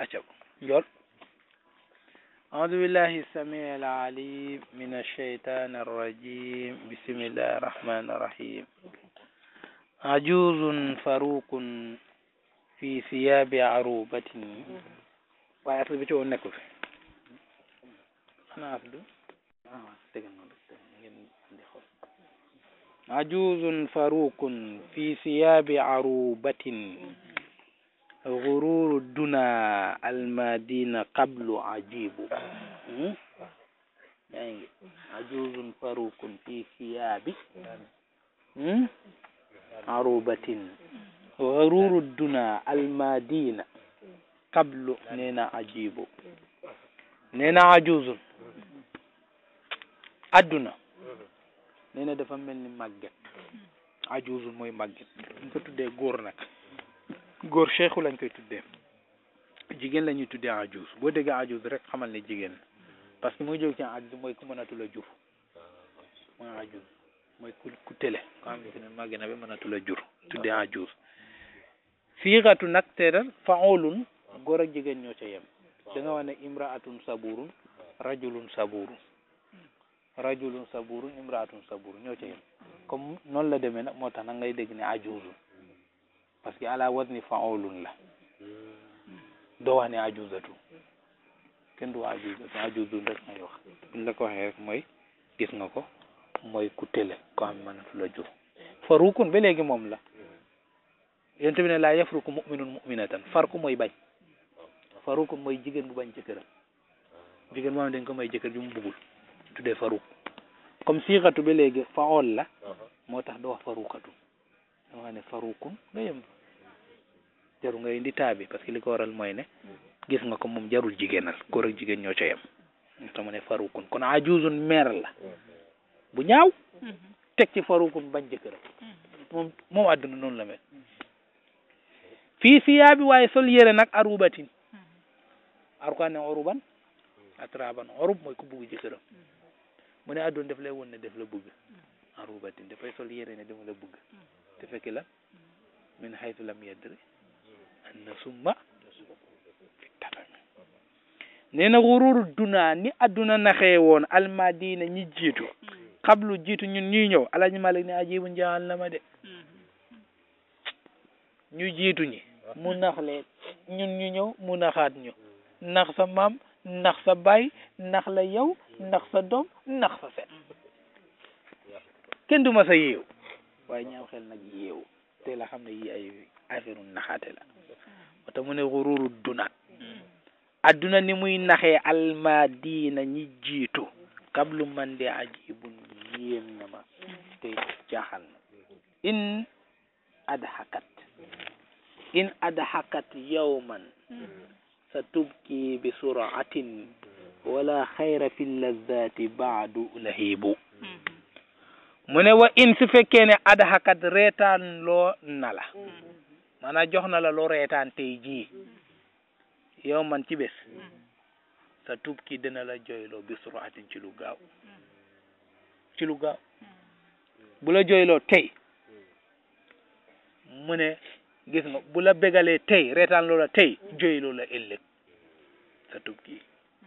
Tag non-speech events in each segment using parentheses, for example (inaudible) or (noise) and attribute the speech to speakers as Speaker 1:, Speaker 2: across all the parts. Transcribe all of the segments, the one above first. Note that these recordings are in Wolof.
Speaker 1: أتوا يلا أعوذ بالله السميع العليم من الشيطان الرجيم بسم الله الرحمن الرحيم عجوز فروق في ثياب عروبة وأصل بتو النكف أنا أفضل آية عجوز فروق في ثياب عروبة gururu duna almadina qablu ajibu yangi ajuzun farukun fi siyabi arubatin gururu duna almadina qablu nena ajibu nena ajuzun adduna nena dafa mel ni màgget moy mooy màgget ñu ko tuddee góor nag góor cheikhu lañ koy tuddee jigéen la ñuy tuddee ajus boo déggee ajus rek xamal ne jigéen parce que muy jóg ci ajus mooy ku mënatul a jur mooy ajus mooy ku ku télé ko xam ne maa gën a ba mënatul a jur tuddee ajus siixatu nag teeral faolun góor ak jigéen ñoo ca yem da nga wax ne imraatun saburun rajulun saburun rajulun saburun imraatun saburun ñoo ca yem comme noonu la demee nag moo tax nag ngay dégg ne ajusun parce que ala wazni faolun la doo wax ne ajuzatu kenn du ajuzatu ajuzun rek ngay wax buñ la ko waxee rek mooy gis nga ko mooy ku tële ko xam mënatu la jur farukun ba léegi moom la yonent bi ne laa yafruku muminun muminatan farku mooy bañ farukun mooy jigéen bu bañ jëkkëram jigéen moom dañ ko may jëkkër ju mu bugul tuddee faruk comme siixatu ba léegi faol la uh-huh. moo tax doo wax farukatu dama ne farukun nga yem jaru nga indi taa parce que li ko waral mooy ne gis nga ko moom jarul jigéenal góor ak jigéen ñoo ca yem farukun kon ajuzun meer la bu ñaaw teg ci farukun bañ jëkkëram moom moom àdduna noonu la mel fii siyaa bi waaye sol yére nag arubatin arukaan ne oruban atraban orub mooy ku bugg jëkkëram mu ne àdduna def lay woon ne def la bëgg arubatin dafay sol yére ne dama la bëgg te fekki la min haytu lam yadri na summa fittatami nee na xururu dunaa ni adduna naxee woon almadina ñi jiitu xablu jiitu ñun ñuy ñëw alaji malik ne ajibu njaal la ma de ñu jiitu ñi mu nax leen ñun ñu ñëw mu naxaat nax sa maam nax sa baay nax la yow nax sa doom nax sa set kenn du sa yéew waaye ñaaw xel te la xam ne yi ay affaire naxaate la moo tax mu ne xururu duna adduna ni muy naxee almadina ñi jiitu kablu man de ajibun yéem na ma te jaaxal na in adhakat in adhakat yawman sa tubki bi suratin wala xayra fi llazati baadu lahibu mu ne wa in fekkee ne adhakat reetaan loo na la mm-hmm. maanaam jox na la loo reetaan tey jii mm-hmm. yow man ci bés mm-hmm. sa tuub ki dina la jooyloo bi suraatin ci lu gaaw ci lu gaaw bu la jooyloo tey mu ne gis nga bu la bégalee tey reetaan loola tey jooyloo la ëllëg sa tuub ki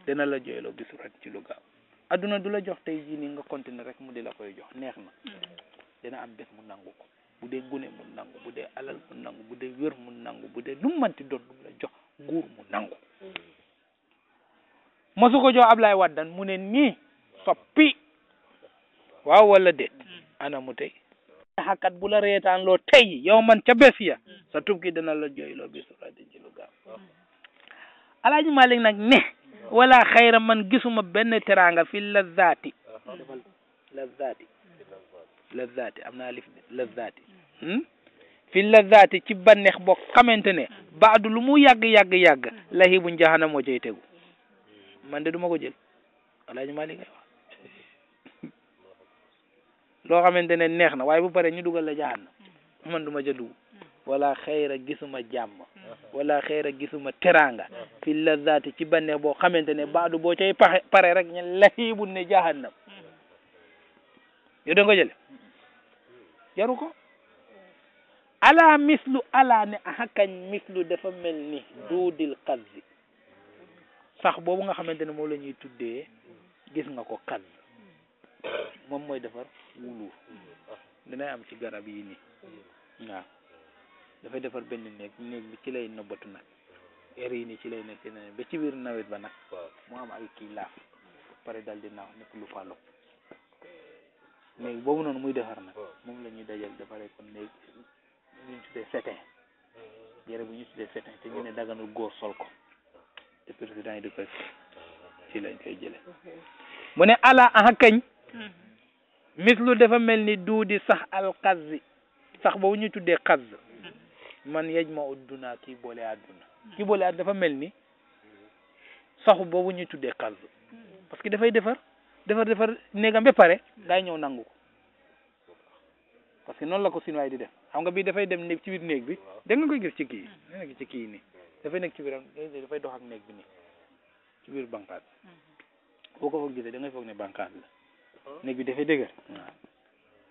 Speaker 1: dina la jooyloo bi suraatin ci lu gaaw adduna du la jox tey jii nii nga continuer rek mu di la koy jox neex na dina am bés mu nangu ko bu dee gune mu nangu bu dee alal mu nangu bu dee wér mu nangu bu dee lu mu manti doon lu la jox nguur mu nangu masu ko jox ab Ablaye Wade mu ne nii soppi waaw wala déet ana mu tey xakat bu la reetaan loo tey yow man ca bés ya sa tub ki dana la jooyloo bisu rajo ji lu gaaw mm. Alaaji Malik nag ne wala xayra man gisuma benn teraanga fi lazzaati lazzaati lazzaati am naa lif lazzaati hmm? fi lazzaati ci banneex boo xamante ne baadu lu mu yàgg yàgg yàgg lahi bu njahanam moo cay tegu man de duma ko jël (laughs) loo xamante ne neex na waaye bu pare ñu dugal la jahanam man duma ca dugg wala xayra gisuma jàmm wala xeera gisuma teranga uh-huh. fi lazati ci banne boo xamante ne baadu boo cay paxe pare rek ñu laxiibul ne jahannam uh-huh. yo da uh-huh. jaru ko ala mislu ala ne ahakañ mislu dafa mel ni duudil xazzi sax boobu nga xamante ne moom la ñuy tuddee gis nga ko xaz moom mooy defar wuluur dinay am ci garab yi nii waaw dafay defar benn néeg néeg bi ci lay nëbbatu nag heure yi nii ci lay nekk ne ba ci biir nawet ba nag moo am ay kii laaf pare dal di naaw nekk lu fàllu néeg boobu noonu muy defar nag moom la ñuy dajal defaree ko néeg ñu tuddee setin yére bu ñu tuddee setin te ñu ne daganul góor sol ko te président yi di koy ci lañ koy jële mu ne ala aha kañ mhm. mislu dafa mel ni duudi sax al xaz sax boobu ñu tuddee xaz man yajma udduna kii boole àdduna hmm. kii boole àdduna dafa mel ni saxu boobu ñuy tuddee xas hmm. parce que dafay defar defar defar néegam ba pare ngay ñëw nangu ko parce que noonu la ko sinuwaay di def xam nga bii dafay dem néeg ci biir néeg bi da nga koy gis ci kii nekk ci kii nii dafay nekk ci biiram dafay dox ak néeg bi nii ci biir bànqaas hmm. boo ko foog gisee da ngay ne bànqaas la bi dafay dëgër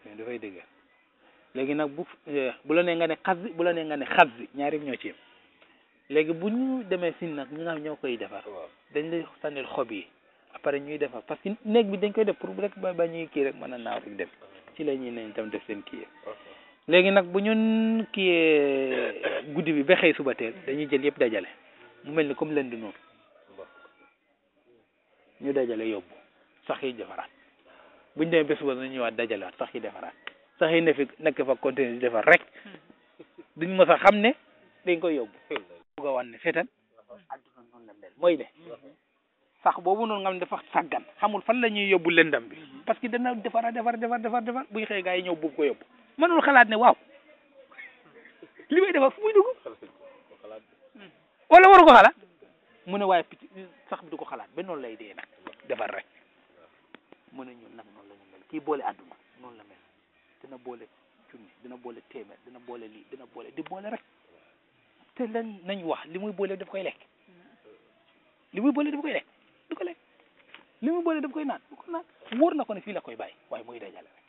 Speaker 1: waaw dafay dëgër léegi nag bu eh, bu la nee nga ne xas bu la nee nga ne xas bi ñaari ñoo ci léegi bu ñu demee sin nag ñi nga xam ñoo koy defar dañ lay sànnil xob yi après ñuy defar parce que néeg bi dañ koy def pour rek ba ba ñuy kii rek mën a naaw rek dem ci la ñuy nañ tam def seen kii léegi nag bu ñun kii guddi bi ba xëy suba teel dañuy jël yëpp dajale mu mel ni comme lënd noonu ñu dajale yóbbu sax yi defaraat ñu demee ba suba ñu ñëwaat dajalewaat sax yi defaraat sa xëy na fi nekk fa continuer di defar rek duñ mos a xam ne dañ koy yóbbu bugg a wan ne seetal
Speaker 2: adduna mooy ne
Speaker 1: sax boobu noonu nga xam dafa sàggan xamul fan la ñuy yóbbu lëndam bi parce que dana defar defar defar defar defar buy xëy gaa yi ñëw buub ko yóbbu mënul xalaat ne waaw li may defar fu muy dugg wala waru ko xalaat mu ne waaye picc sax bi du ko xalaat ba noonu lay dee nag defar rek mu ne ñun nag kii boole àdduna dina boole boole téeméer dina boole lii dina boole di boole rek te lan nañ wax li muy boole daf koy lekk li muy boole daf koy lekk ko lekk koy naan du na ko ne fii la koy bàyyi waaye muy dajale rek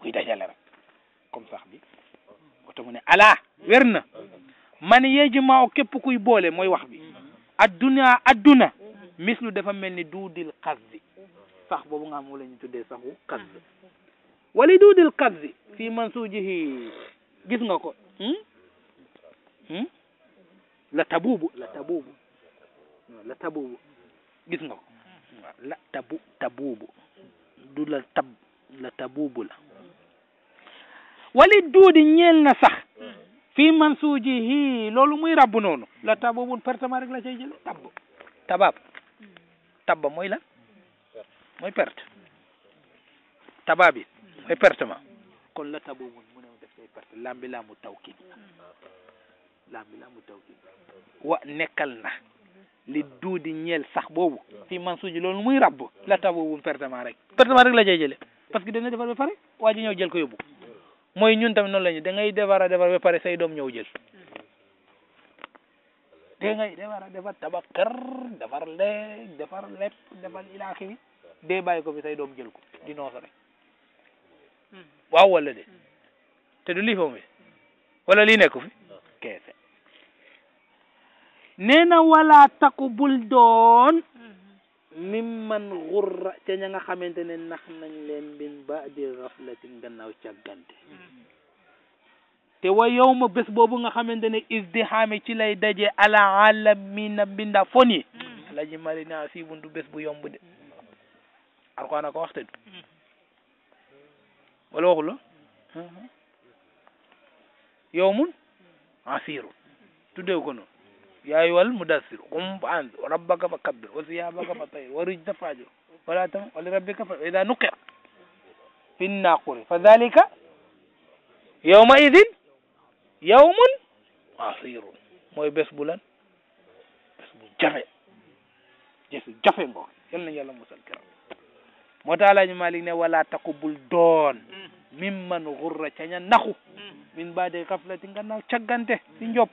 Speaker 1: muy dajale rek comme sax bi oto mu ne ala wér na man yejimaaw képp kuy boole mooy wax bi adduna adduna mislu dafa mel ni duudil xas bi sax boobu nga xam moo la ñu tuddee saxu xas wali duudil kabzi fii mansuujihi gis nga ko hmm? Hmm? la tabuubu la tabuubu la tabuubu gis nga ko la tabu tabuubu du la tab la tabuubu la wali duudi ñeel na sax fii mansuujihi loolu muy rabbu noonu la tabuubu pertement rek ma cay jël tab tabaab tabba mooy la mooy perte tabaab ay perte ma kon la tabu mun mu ne def say perte lam bi laamu tawkid lam bi wa nekkal na li duudi ñeel sax boobu fii man suñu loolu muy rabb la tabu perte ma rek perte ma rek la cay jële parce que dana defar ba pare waa ji jël ko yóbbu mooy ñun tamit noonu la ñu da ngay defar a defar ba pare say doom ñëw jël da defar a defar tabax defar léeg defar lépp defar ilaaxi bi dee bàyyi ko fi say doom jël ko di noosa rek waaw wala de hmm. te du lii foofu wala lii nekku fi hmm. keese nee na wala taku bul doon hmm. mimman xurra ca ña nga xamante ne nax nañ leen mbin ba di raflatin gannaaw càggante te wa yow ma bés boobu nga xamante ne isdihaami ci lay daje ala alamina mbinda fon yi naa fii buntu bu yomb de arkoana ko waxte du wala waxul la yawmun asiirun ko noonu yaa ayyuhal mudassir qum fa anzir wa rabbaka fa kabbir wa siyaabaka fa tahhir wa rijza fa dhaalika yawma'idhin yawmun asiirun mooy bés bu lan bés bu jafe jafe mbokk yal nañu yàlla musal keroog moo tax alaaji malik ne wala taku bul doon mm. mm. min man xurra caña naxu min baade xaflati nga naaw caggante si njop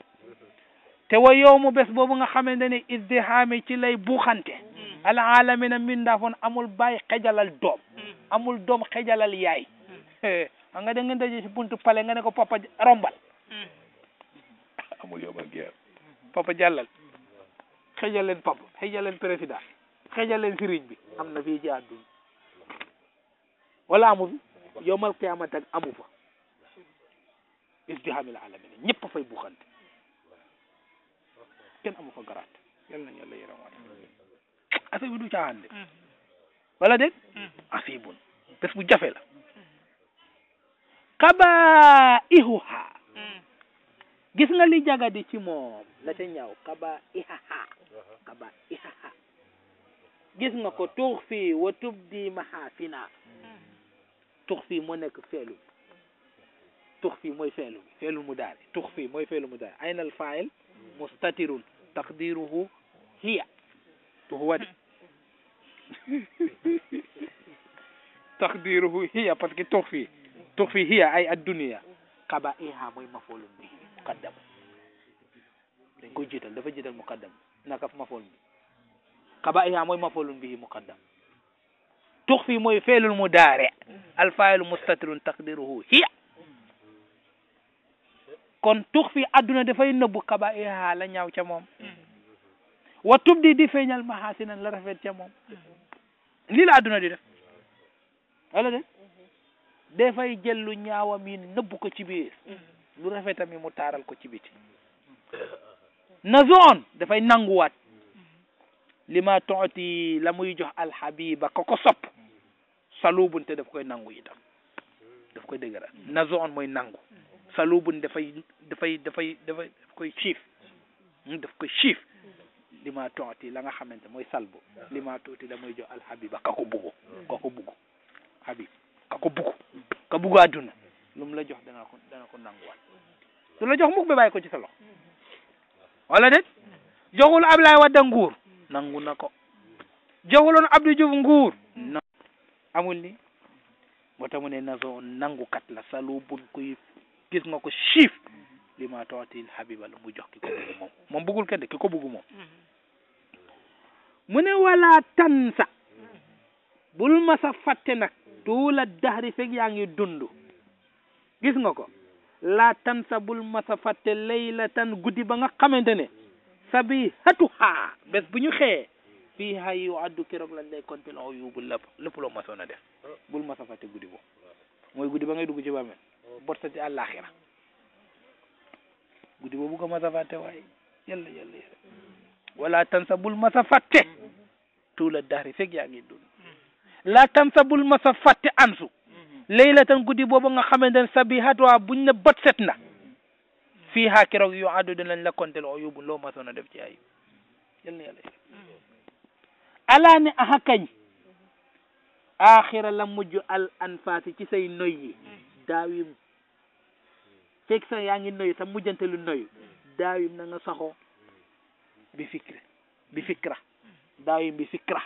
Speaker 1: te wa yow mu boobu nga xamante ni iddihaami ci lay buuxante mm. alaalamina mbindaafoon amul bàyyi xejalal doom amul doom xejalal yaay (laughs) xam nga da ngeen daje si buntu pale nga ne ko papa rombal amul yomal geer papa jàllal xejaleen papa xejaleen président xejaleen sëriñ bi am na fii ci àdduna wala amu fi yowmal qiyaama tag amu fa isdihaamil alamina a fay buxante kenn amu fa garaat yal nañu yàlla yërëmaat affaire bi du caaxaan de mm-hmm. wala dégg mm-hmm. asibun bu jafe kaba ihuha mm-hmm. gis nga li jagadi ci la ca ñaaw kaba ihaha kaba ihaha gis nga ko tuux fii wa mahafina tux fii moo nekk feelu tux fii mooy feelu bi feelu mu daari ayna al fail mustatirun taqdiruhu hiya tuxwadi (laughs) taqdiruhu hiya parce que tux fii tux fii hiya ay addunia xaba iha mooy mafolum bi muqaddam dañ koy jiital dafa jiital naka mafolum bi iha mooy mafolum bi muqaddam tuxfi mooy feelul mudaare alfaayilu mustatirun taqdiruhu hiya kon tuxfi adduna dafay nëbbu kaba iha la ñaaw ca moom wa tubdi di feeñal mahasinan la rafet ca moom lii la adduna di def wala de dafay jël lu ñaawam yi nëbbu ko ci biir lu rafetam yi mu taaral ko ci biti nazoon dafay nanguwaat li ma tooti la muy jox alxabiba ko ko sopp salubun te daf koy nangu itam daf koy dëgëral nazoon mooy nangu salubun dafay dafay dafay dafay daf koy siif hmm, daf koy siif li ma tooti la nga xamante mooy salbu li ma tooti la muy jox alxabiba ka ko buggu ka ko buggu habib ka ko buggu ka buggu àdduna lu mu la jox dana ko dana ko nanguwaat du la jox mukk ba bàyyi ko ci sa loxo wala déet joxul Ablaye Wade nguur nangu na ko joxuloon Abdou Diouf nguur na amul ni moo tax mu ne naso nangukat la salu bul gis nga ko chiif mm-hmm. li ma tootil habiba la jox ki ko bëgg moom moom bëggul kenn de mm-hmm. mm-hmm. bul masa fàtte nag tuula dahri fekk yaa ngi dund gis nga ko laa tansa bul masa fàtte laylatan guddi ba nga xamante sabihatuha bés bu ñu xëyee fii hay yu addu keroog lañ lay compté loo oh, yóbbu lépp lépp loo masoon a def bul mas a fàtte guddi boobu mooy guddi ba ngay dugg ci bàmmeel bot sa ci àllaaxira guddi boobu ko mas a fàtte waaye yàlla yàlla yàlla wala tansa bul mas a fàtte tuula daari fekk yaa ngi dund la tansa bul mas a fàtte ansu léegi la tan guddi boobu nga xamante ne sabihatuha buñ ne bot set na fii haa keroog yu addu dinañ la compter uyubu loo masoon a def ci ayib yal ne aha kañ axira la mujj al anfaasi ci say noy yi daawim fekk sax yaa ngi noyu sa mujjantelu noyu daawim na nga saxoo bi fikra bi fikra daawim bi fikra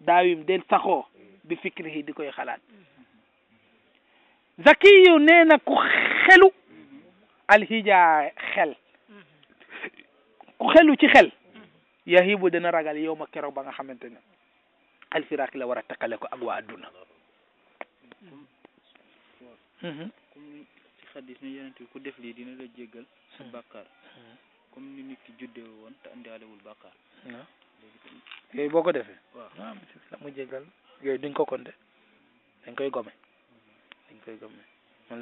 Speaker 1: daawim del saxoo bi fikri yi di koy xalaat zakiyu nee na xelu alhija xel ku xelu ci xel yahibu dana ragal yow ma keroog ba nga xamante ne la war a takkale ko ak waa adduna mhm. comme ci xadis ni yonent bi ku def lii dina la jéggal sa mhm. bàkkaar comme ni nit ki juddee woon te andaalewul bàkkaar yooyu boo ko defee waaw mu jéggal yooyu duñ ko konte dañ koy gome dañ koy gome man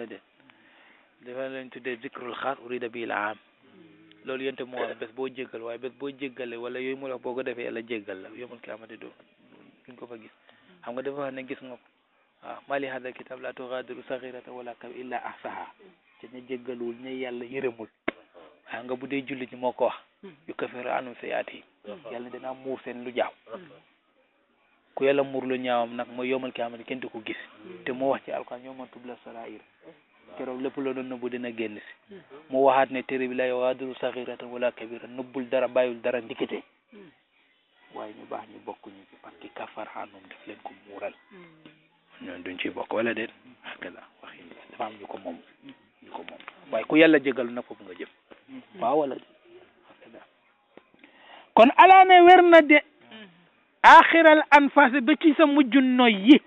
Speaker 1: dafa leen tuddee zikrul xaas urida bil aam loolu yente moo am boo jéggal waaye bés boo jéggale wala yooyu mu la wax boo ko defee yàlla jéggal la yomul kiamati do duñ ko fa gis xam nga dafa wax ne gis nga ko waaw mali hada kitab la tughadiru saghirata wala kab illa ahsaha te ñu jéggaluwul ñu yàlla yërëmul waaw nga bu dee julli ñi moo ko wax yu kafiru anum sayaat yi yàlla dinaa muur seen lu jaaw ku yàlla muur lu ñaawam nag mooy yomal kiamati kenn du ko gis te moo wax ci alquran yawma tubla sarair keroog lépp loo doon nëbbu na génn si hmm. mu waxaat ne téere bi la yugaadiru saxiratan wala kabiratan nëbbul dara bàyyul dara ndikite hmm. waaye ñu baax ñu bokk ñu ci parce que kafar xaanum daf leen ko muural hmm. ñoon duñ ciy bokk wala déet akala waxi dafa am ñu moom waaye ku yàlla jégal na foofu nga jëm waaw wala déet kon alaane wer na de axiral anfas ba ci sa mujjun noy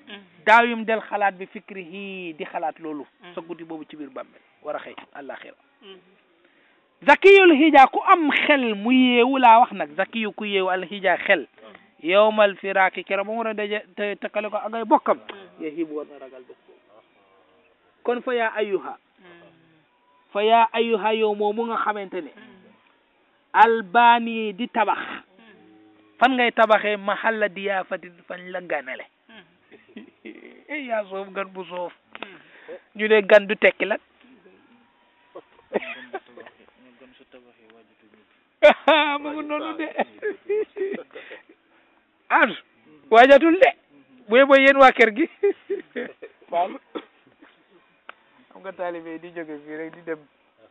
Speaker 1: daawim del xalaat bi fikri hii di xalaat loolu mm-hmm. sa guddi boobu ci biir bàmmeel war a xëy àllaaxira mm-hmm. zakiyul hija ku am xel mu yeewu laa wax nag zakiyu ku yeewu alhija xel mm-hmm. yowmal firaaki kero ba mu war a daje te ko ak ay bokkam ragal bés kon fa yaa ayuha fa yaa ayuha yow nga xamante ne albaani di tabax fan ngay tabaxee mahalla diyaafati fañ la ganale eh yaa soof gan bu soof ñu ne gan du tekki lan (laughs) mu ngi noonu de (laughs) de bu yeboo yéen waa kër gi (laughs) baal xam nga taalibe di jóge fii rek di dem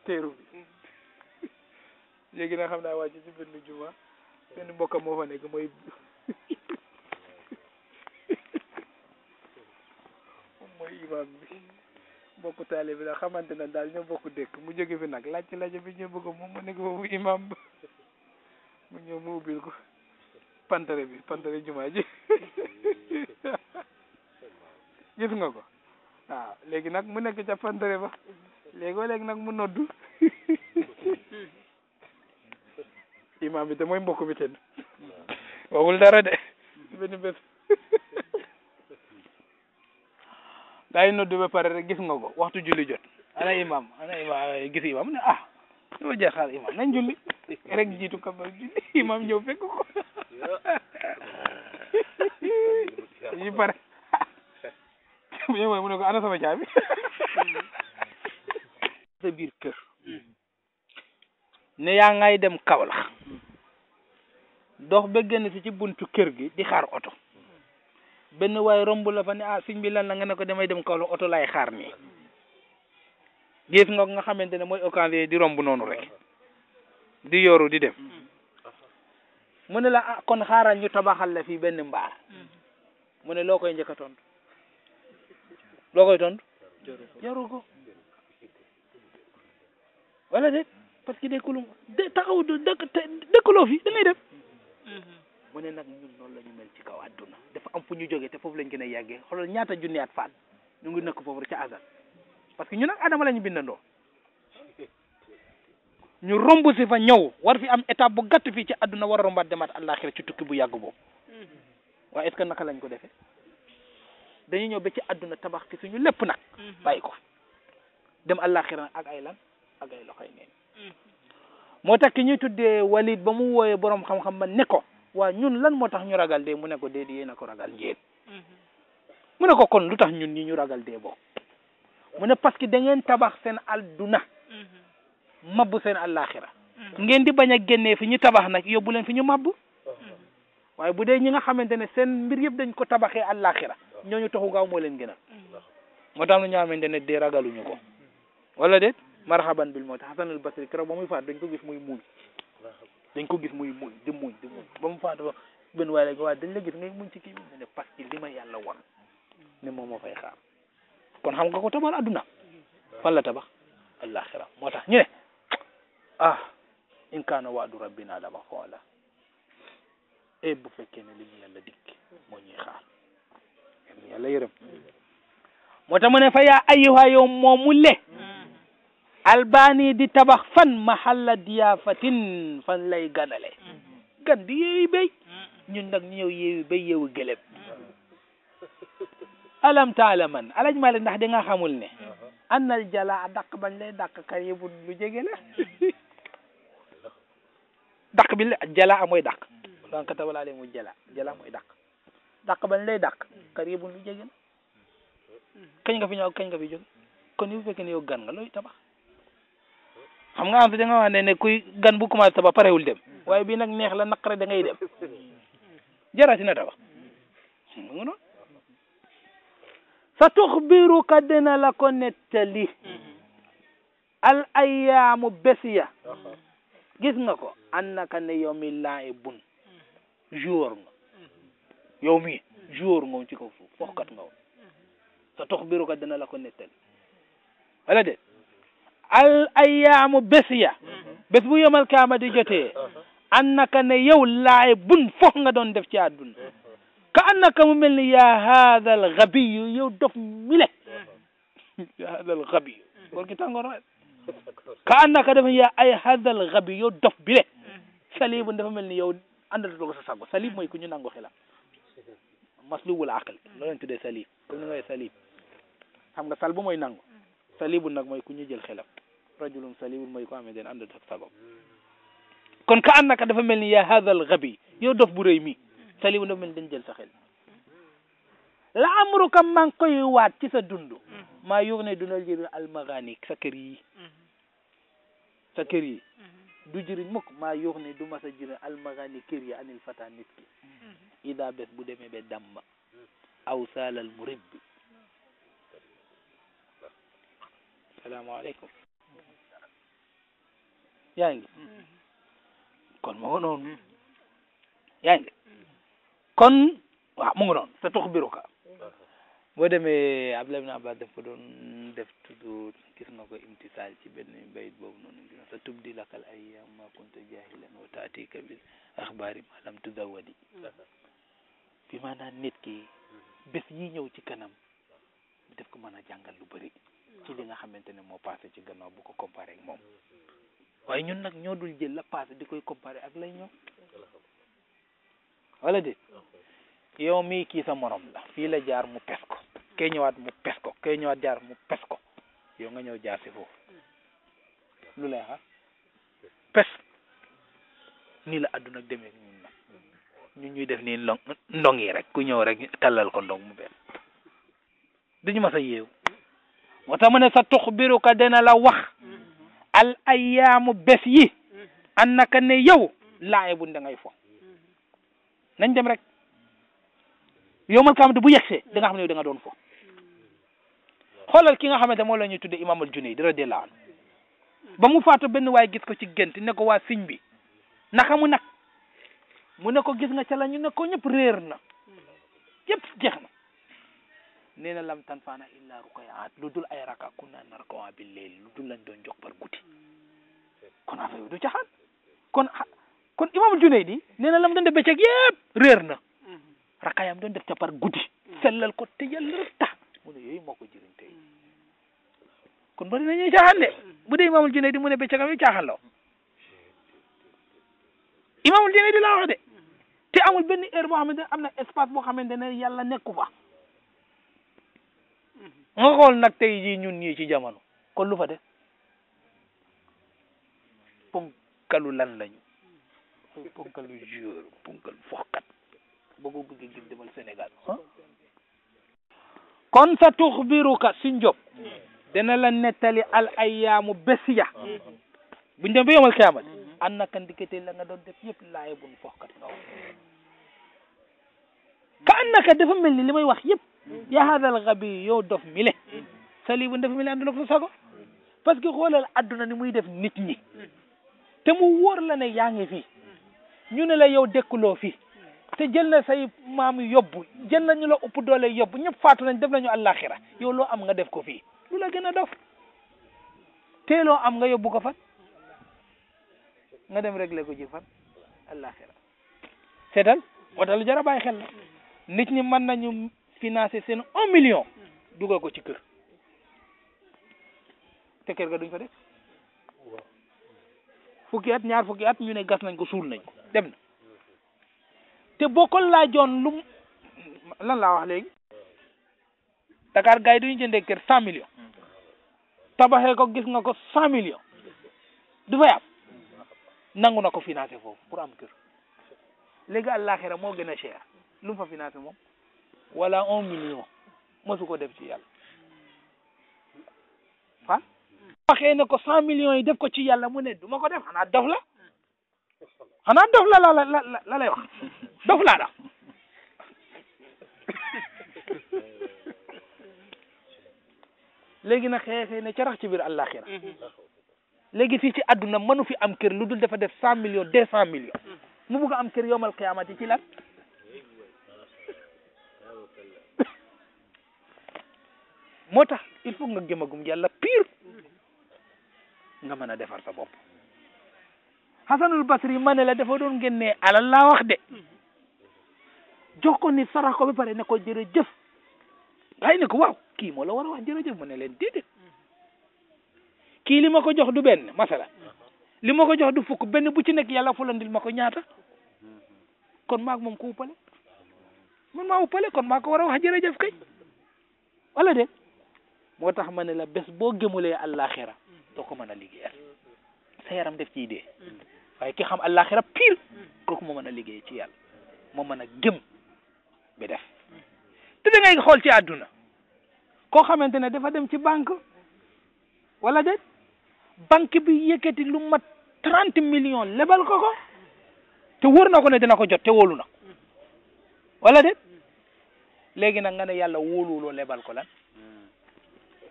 Speaker 1: teeru bi léegi nag xam naa wàcc ci benn juma benn mbokk moo fa nekk mooy imaam bi bokk taalibe la xamante na daal ñoo bokk dëkk mu jóge fi nag laajte laajte bi ñoo bëgg moom mu nekk foofu imaam ba mu ñëw mu ubbil ko pantare bi pantare jumaa ji
Speaker 2: (laughs) gis nga ko
Speaker 1: waaw léegi nag mu nekk ca pantare ba léegoo léegi nag mu noddu
Speaker 2: (laughs)
Speaker 1: imaam bi te mooy mbokk bi ten waxul dara de (laughs) benn bés daañu noddu pare rek gis nga ko waxtu julli jot ana imam ana imam gis imam ne ah dama jeexal imam nañ julli (laughs) rek jiitu kabar julli (laughs) imam ñëw fekk ko yi (laughs) pare bu ñëwee mu ne ko ana sama ne yaa ngay dem Kaolack dox ba génn si ci buntu kër gi di xaar oto benn waaye romb la fa ne ah sëñ la nga ne ko damay dem kaw la oto laay xaar nii gis nga nga xamante ne mooy occasion di romb noonu rek di yoru di dem mu la ah kon xaaral ñu tabaxal la fii benn mbaar mu ne loo koy njëkk a tontu loo koy tontu jaru ko wala déet parce que dëkkulu dë taxaw dëkk dëkkuloo fi da ngay def mu ne nag ñun noonu la ñu mel ci kaw àdduna dafa am fu ñu jógee te foofu lañ gën a yàggee xoolal ñaata junni at faat ñu ngi nekk foofu ca azal parce que ñu nag adama la ñu bindandoo ñu romb si fa ñëw war fi am étape bu gàtt fii ci àdduna war a rombaat demaat àllaaxira ci tukki bu yàgg boobu mm-hmm. waaye est-ce naka lañ ko defee dañu ñëw ba ci àdduna tabax ci suñu lépp nag mm-hmm. bàyyi ko dem àllaaxira ak ay lan ak ay loxoy neen mm-hmm. moo tax ki ñuy tuddee walid ba mu wooyee borom xam ba ne ko waa ñun lan moo tax ñu ragal dee mu ne ko dee di yéen a ko ragal ngeen mhm. mu ne ko kon lu tax ñun ñi ñu ragal dee bokk mu ne parce que da ngeen tabax seen adduna
Speaker 2: mhm.
Speaker 1: mabbu seen àllaaxira mhm. ngeen di bañ a génnee fi ñu tabax nag yóbbu leen fi ñu mabbu waaye bu dee ñi nga xamante ne seen mbir yëpp dañ ko tabaxee ñoo ñu taxu gaaw moo leen gënal moo tax na ñoo xamante ne dee ragaluñu ko wala déet marhaban bil mawt Hasanul Basri keroog ba muy faat dañ ko gis muy muuñ dañ ko gis muy muñ di muñ di muñ ba mu faatu ba waaye la ko waaye dañ muñ ci kii mu ne parce que li ma yàlla won ne moom moo fay xaar kon xam nga ko tabax adduna fan la tabax alaxira moo tax ñu ne ah in kaana waadu rabbina la mafoola e eh, bu fekkee ne li ñu yàlla dikk moo ñuy xaar yàlla yërëm moo tax ne fa yaa ayyuha yow moomu le albani di tabax fan mahalla diyaafatin fan lay ganale mm-hmm. gan di yeewi béy mm-hmm. ñun nag ñu ñëw yeewi béy yeewu gëlëb alam taalaman alaj ndax di nga xamul ne uh-huh. annal jala dàq bañ lay dàq karibu lu jege la (laughs) dàq bi la jala mooy dàq donc mm-hmm. tabalaale mu jala jala mooy dàq dàq bañ lay dàq karibu lu jege la kañ nga fi ñëw kañ nga fi jóg kon yu fekkee ne yow gan nga looy tabax xam nga am te da nga wax ne ne kuy gan bu commencé tabax parewul dem mm. waaye bii nag neex la naqare da ngay dem (laughs) jarati na tabax sa tuxbiru ka dina la ko nettali mm-hmm. al ayaamu bés ya gis nga ko annaka ne yow mi laay bun mm-hmm. jour nga mm-hmm. yow jour nga ci kaw suuf foxkat nga sa tuxbiru ka dina la ko nettali wala al ayyaamu bés ya bés bu yomal kaama di jotee uh-huh. annaka ne yow laay bun foog nga doon def ci àdduna uh-huh. ka mu mel ni yaa haada gabiyu yow dof mile uh-huh. (laughs) yaa haada gabiyu na (laughs) ka annaka dafa yaa ay haada al yow dof bile salibun dafa mel ni yow àndatutoo ko sa sago salib mooy ku ñu nangu xelam
Speaker 2: (laughs)
Speaker 1: maslubul aql loolu lañ salib comme ni nga salib xam nga sal bu mooy nangu nag mooy ku ñu jël رجل سليم ما يقام يدين عند تكتبه كن كأنك دفع ملني يا هذا الغبي يودف بريمي سليم دفع ملني دنجل سخيل لا أمرك من قوي وات كيسا دندو ما يغني دون الجير المغاني سكري سكري دجير مك ما يغني دون مسجير المغاني كري عن الفتاة نسكي إذا بس بدمي بدم أو سال المرب السلام عليكم yaa ngi kon moo noonu yaa ngi kon waaw mu ngi noonu te tux ka boo demee Abdoulaye ibn Abbas daf ko doon def tudd gis nga ko imtisaal ci benn bayit boobu noonu gis sa tubdi lakal ayyam ma kunta jahilan wa taatika bil axbaari ma lam tudawadi bi maanaam nit ki bés yi ñëw ci kanam daf ko mën a jàngal lu bëri ci na nga xamante ne moo passé ci gannaaw bu ko comparé ak moom waaye ñun nag ñoo dul jël la passé di koy comparé ak lay ñëw wala déet yow mii kii sa morom la fii la jaar mu pes ko kee ñëwaat mu pes ko kee ñëwaat jaar mu pes ko yow nga ñëw jaar si foofu lu lay xaar pes ni la àdduna demee ñun nag ñun ñuy def nii ndong ndong yi rek ku ñëw rek tallal ko ndong mu benn duñu mas a yéew moo tax ne sa tux biru ka dina la al ayyaamu bés yi mm-hmm. annaka ne yow laaye bun da ngay fo mm-hmm. nañ dem rek yow mal kaamate bu yegsee mm-hmm. da nga xam ne yow da nga doon fo xoolal ki nga xamante moo la ñuy tudde imaamul junayd radiyallahu anhu ba mu faatu benn waay gis ko ci gént ne ko waa siñ bi naka mu nag mu ne ko gis nga ca la ñu ne ko ñëpp na ñëpp jeex na nee na lam tan faana illa rukayaat lu dul ay raka kunna narkawa bi leel lu dul doon jox par guddi kon affaire bi du caxaan kon kon imaamul Junaydi nee na lam doon def bëccëg na rakaayam doon def ca par guddi sellal ko te yàlla rek tax mu ne yooyu moo ko jëriñ tey kon bari na ñuy caaxaan de bu dee imaamul Junaydi mu ne bëccëgam yi caaxaan la imaamul Junaydi laa de te amul benn heure boo xamante am na espace boo xamante ne yàlla nekku fa nga xool nag tey jii ñun ñii ci jamono kon lu fa de ponkalu lan lañu ponkalu joueur ponkalu foxkat ba ko bëgg gis demal Sénégal kon sa tuxbiruka si njob dana la nettali al ayyaamu besiya buñ dem ba yomal xiyaamat an naka la nga doon def yëpp laaye buñ foxkat nga ka an dafa mel ni li may wax yépp yaa hadal gabi yow dof mi le salibu ndef mi le àndul ak sa sago parce que xoolal adduna ni muy def nit ñi te mu wóor la ne yaa ngi fii ñu ne la yow dëkkuloo fii te jël na say maam yóbbu jël na ñu la ëpp doole yóbbu ñëpp faatu nañ def nañu àllaaxira yow loo am nga def ko fii lu la gën a dof te am nga yóbbu ko fan nga dem réglé ko ji fan àllaaxira seetal moo tax xel la nit ñi mën nañu financé seen un million dugal ko ci kër te kër ga duñ fa def fukki at ñaar fukki at ñu ne gas nañ ko suul nañ ko dem na te boo ko laajoon lu lan laa wax léegi Dakar gars yi duñu jëndee kër cent millions tabaxee ko gis nga ko cent millions du fay am nangu na ko financé foofu pour am kër léegi àllaaxira moo gën a cher lu fa financé moom wala un million mosu ko def ci yàlla ah waxee ne ko cent millions yi def ko ci yàlla mu ne du ma ko def xanaa dof la xanaa dof la la la la lay wax dof laa da léegi nag xëy xëy ne ca rax ci biir àllaaxira léegi fii ci àdduna mënu fi am kër lu dul dafa def cent millions deux cent millions mu bugg a am kër yomal qiyaamati ci lan moo tax il faut nga gëmagum yàlla pire nga mën a defar sa bopp Hasanul Basri ma ne la dafa doon génnee alal laa wax de jox ko ni sarax ko ba pare ne ko jërëjëf waaye ne ko waaw kii moo la war a wax jërëjëf ma ne leen déedéet kii li ma ko jox du benn masala li ma ko jox du fukk benn bu ci nekk yàlla fulandil ma ko ñaata kon maag moom ko uppale man maa uppale kon maa ko war a wax jërëjëf kay wala de moo tax ma ne la bés boo gëmulee àllaaxira doo ko mën a liggéeyal sa yaram def ci dee waaye ki xam àllaaxira pire kooku moo mën a liggéey ci yàlla moo mën a gëm bi def te da xool ci àdduna koo xamante ne dafa dem ci bank wala déet bank bi yëkkati lu mat trente millions lebal ko ko te wóor na ko ne dina ko jot te wolu na ko wala léegi nag nga ne yàlla wóoluwuloo lebal ko lan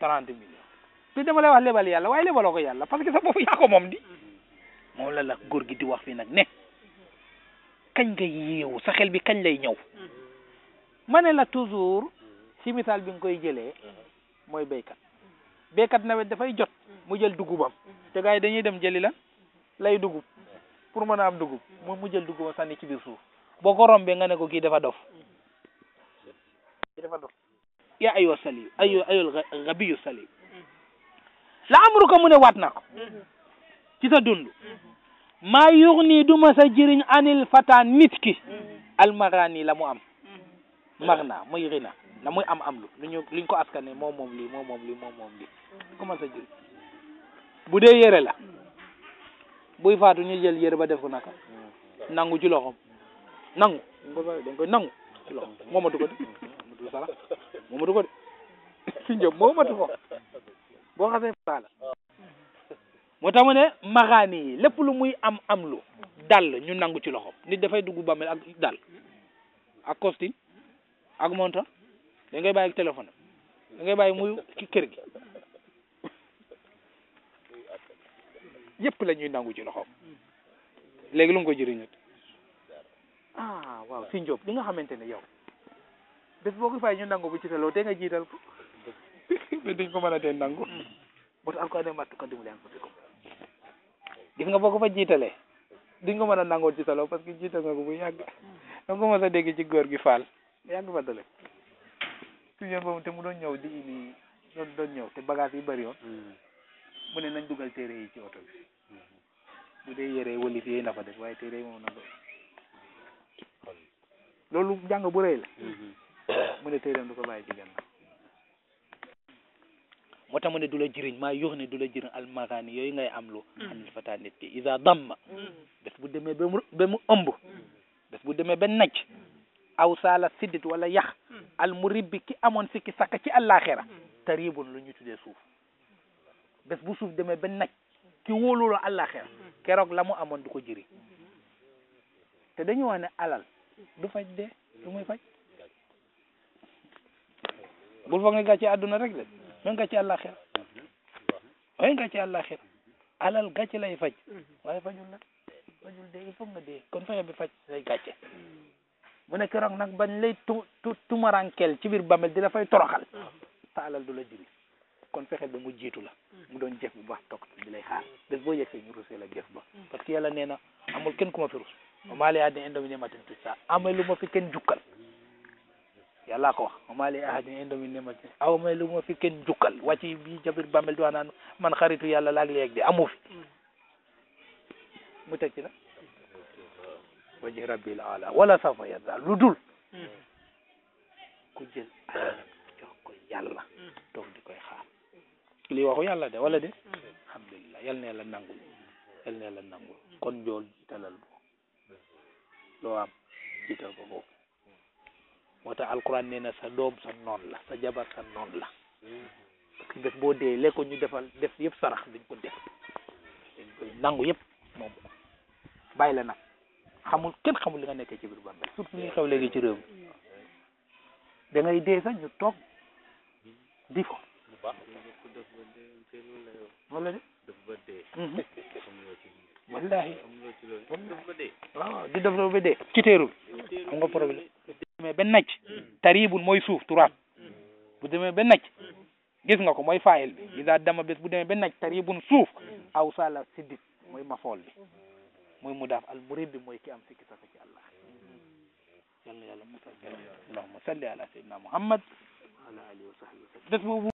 Speaker 1: trente millions bi dama lay wax lebal yàlla waaye lebaloo ko yàlla parce que sa bopp yaa ko moom di moom la la góor gi di wax bi nag ne kañ nga yeewu sa xel bi kañ lay ñëw ma ne la toujours si misaal bi nga koy jëlee mooy béykat béykat nawet dafay jot mu jël dugubam te gars dañuy dem jëli la lay dugub pour mën a am dugub moom mu jël dugubam sànni ci biir suuf boo ko rombee nga ne ko kii dafa dof kii dafa dof yaa ayoo ayol rabiyu sali la amru ko mu ne na ko ci sa dund maa yugni du ma sa jëriñ anil fata nit ki almarani la mu am mar na muy rina la muy am am lu luñu luñ ko askane moom moom lii moom moom lii moom moom lii ko ma sa jëriñ bu dee yére la buy faatu ñu jël yére def ko naka nangu sarax moomatu ko de si njëm moomatu ko boo xasee moo tax ne maxaani lépp lu muy am am lu dal ñu nangu ci loxoom nit dafay dugg bàmmeel ak dal ak costume ak monta dangay ngay bàyyi téléphone da ngay bàyyi muy ci kër gi yëpp la nangu ci loxoom léegi lu mu ko jëriñat ah waaw si Njóob li nga xamante ne yow bés boo ko fay ñu bu ci teloo te nga jiital ko (laughs) mais duñ ko mën a tee nangu bootu mm. alquran ne nga boo ko fa jiitalee duñ ko mën a nangoo ci teloo parce que jiital nga ko bu yàgg da nga ko mos a dégg ci góor gi faal yàgg fa dale suñu boobu te mu doon ñëw di indi doon doon ñëw yi bëri yoon mm. mu ne nañ dugal téere yi ci oto bi mm-hmm. bu dee yére wëlif yooyu na fa def waaye téere yi moom mu ne téeréem du ko bàyyi ci moo tax mu ne du la jëriñ maa yox ne du la jëriñ almakaani yooyu ngay am lu xam mm. ne fataa nit ki isa damma mm. bu demee ba mu ba mm. bu demee ba naj aw saala siddit wala yax al muribbi ki amoon sikki sakka ci àllaaxira taribun lu ñu tuddee suuf bés bu suuf demee ba naj ki wóoluloo àllaaxira keroog la mu amoon du ko jëriñ te dañu wax ne alal du faj dee lu muy faj bul foog ne gàcce àdduna rek de même gàcce àllaaxira waaye gàcce àllaaxira alal gàcce lay faj waaye fajul nag fajul dee il faut kon fexe bi faj say gàcce mu ne keroog nag bañ lay tu tu tumarankel ci biir bàmmeel di la fay toroxal sa alal du la jëriñ kon fexe ba mu jiitu la mu doon jëf bu baax toog di lay xaar bés boo yegsee ñu rusee la jëf ba parce que yàlla nee na amul kenn ku ma fi rus. maa leen di indominé matin tout ça amee lu ma fi yàlla ko wax mama li ahadin inda min ni'matin aw may lu ma fi kenn jukkal wàcc bi jabir bambel di wax naan man xaritu yàlla laag léeg di amu mu teg ci nag waji rabbil ala wala safa yarda lu dul ku jël alam ko yàlla toog di koy xaar lii waxu yàlla de wala de alhamdulillah yàlla nangul yàlla nangul kon jool jiitalal bo loo am jiital ko foofu moo tax alquran nee sa doom sa noon la sa jabar sa noon la parce que boo dee lee ñu defal def yëpp sarax dañ ko def dañ koy nangu yëpp moom bàyyi la nag xamul kenn xamul li nga nekkee ci biir bàmmeel surtout ñuy xew léegi ci réew mi da ngay dee sax ñu toog di ko mhm. (laughs) wallahi waaw def ba dee ci téeru am nga problème demee ba nacc taribun mooy suuf turaab bu demee ba nacc gis nga ko mooy faayil bi ida dama bés bu demee ba nacc taribun suuf aw sala siddit mooy mafool bi mooy mudaaf al murib bi mooy ki am sikki saka ci allah yàlla yàlla musal salli ala sayyidina muhammad
Speaker 2: bés boobu